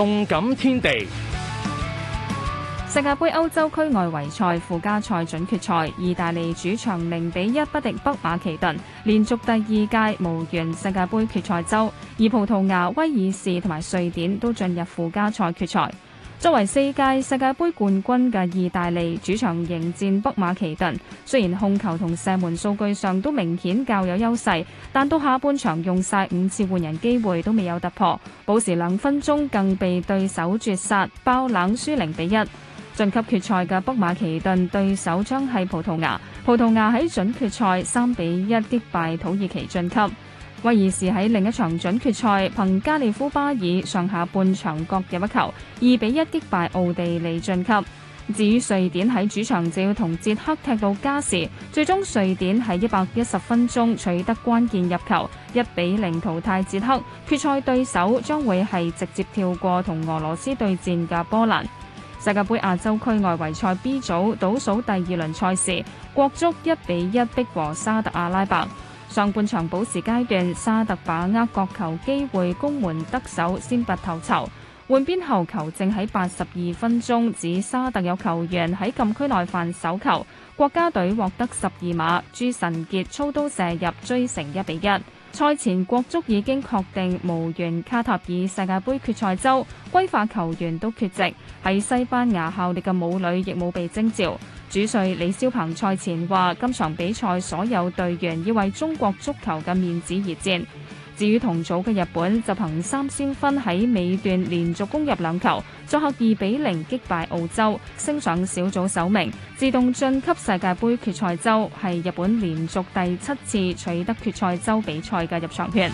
動感天地世界盃歐洲區外圍賽附加賽準決賽，意大利主場零比一不敵北馬其頓，連續第二屆無緣世界盃決賽周，而葡萄牙、威爾士同埋瑞典都進入附加賽決賽。作為四屆世界杯冠軍嘅意大利主場迎戰北馬其頓，雖然控球同射門數據上都明顯較有優勢，但到下半場用晒五次換人機會都未有突破，補時兩分鐘更被對手絕殺，爆冷輸零比一。晉級決賽嘅北馬其頓對手將係葡萄牙，葡萄牙喺準決賽三比一擊敗土耳其晉級。威爾士喺另一場準決賽，憑加利夫巴爾上下半場各入一球，二比一擊敗奧地利晉級。至於瑞典喺主場照同捷克踢到加時，最終瑞典喺一百一十分鐘取得關鍵入球，一比零淘汰捷克。決賽對手將會係直接跳過同俄羅斯對戰嘅波蘭。世界杯亞洲區外圍賽 B 組倒數第二輪賽事，國足一比一逼和沙特阿拉伯。上半場補時階段，沙特把握角球機會，攻門得手，先拔頭籌。換邊後球證喺八十二分鐘，指沙特有球員喺禁區內犯手球，國家隊獲得十二碼，朱晨傑操刀射入追成一比一。賽前國足已經確定無緣卡塔爾世界杯決賽周，歸化球員都缺席，喺西班牙效力嘅武磊亦冇被徵召。主帥李霄鵬賽前話，今場比賽所有隊員要為中國足球嘅面子而戰。至於同組嘅日本，就憑三笘薰喺尾段連續攻入兩球，作客二比零擊敗澳洲，升上小組首名，自動晉級世界盃決賽周，係日本連續第七次取得決賽周比賽嘅入場權。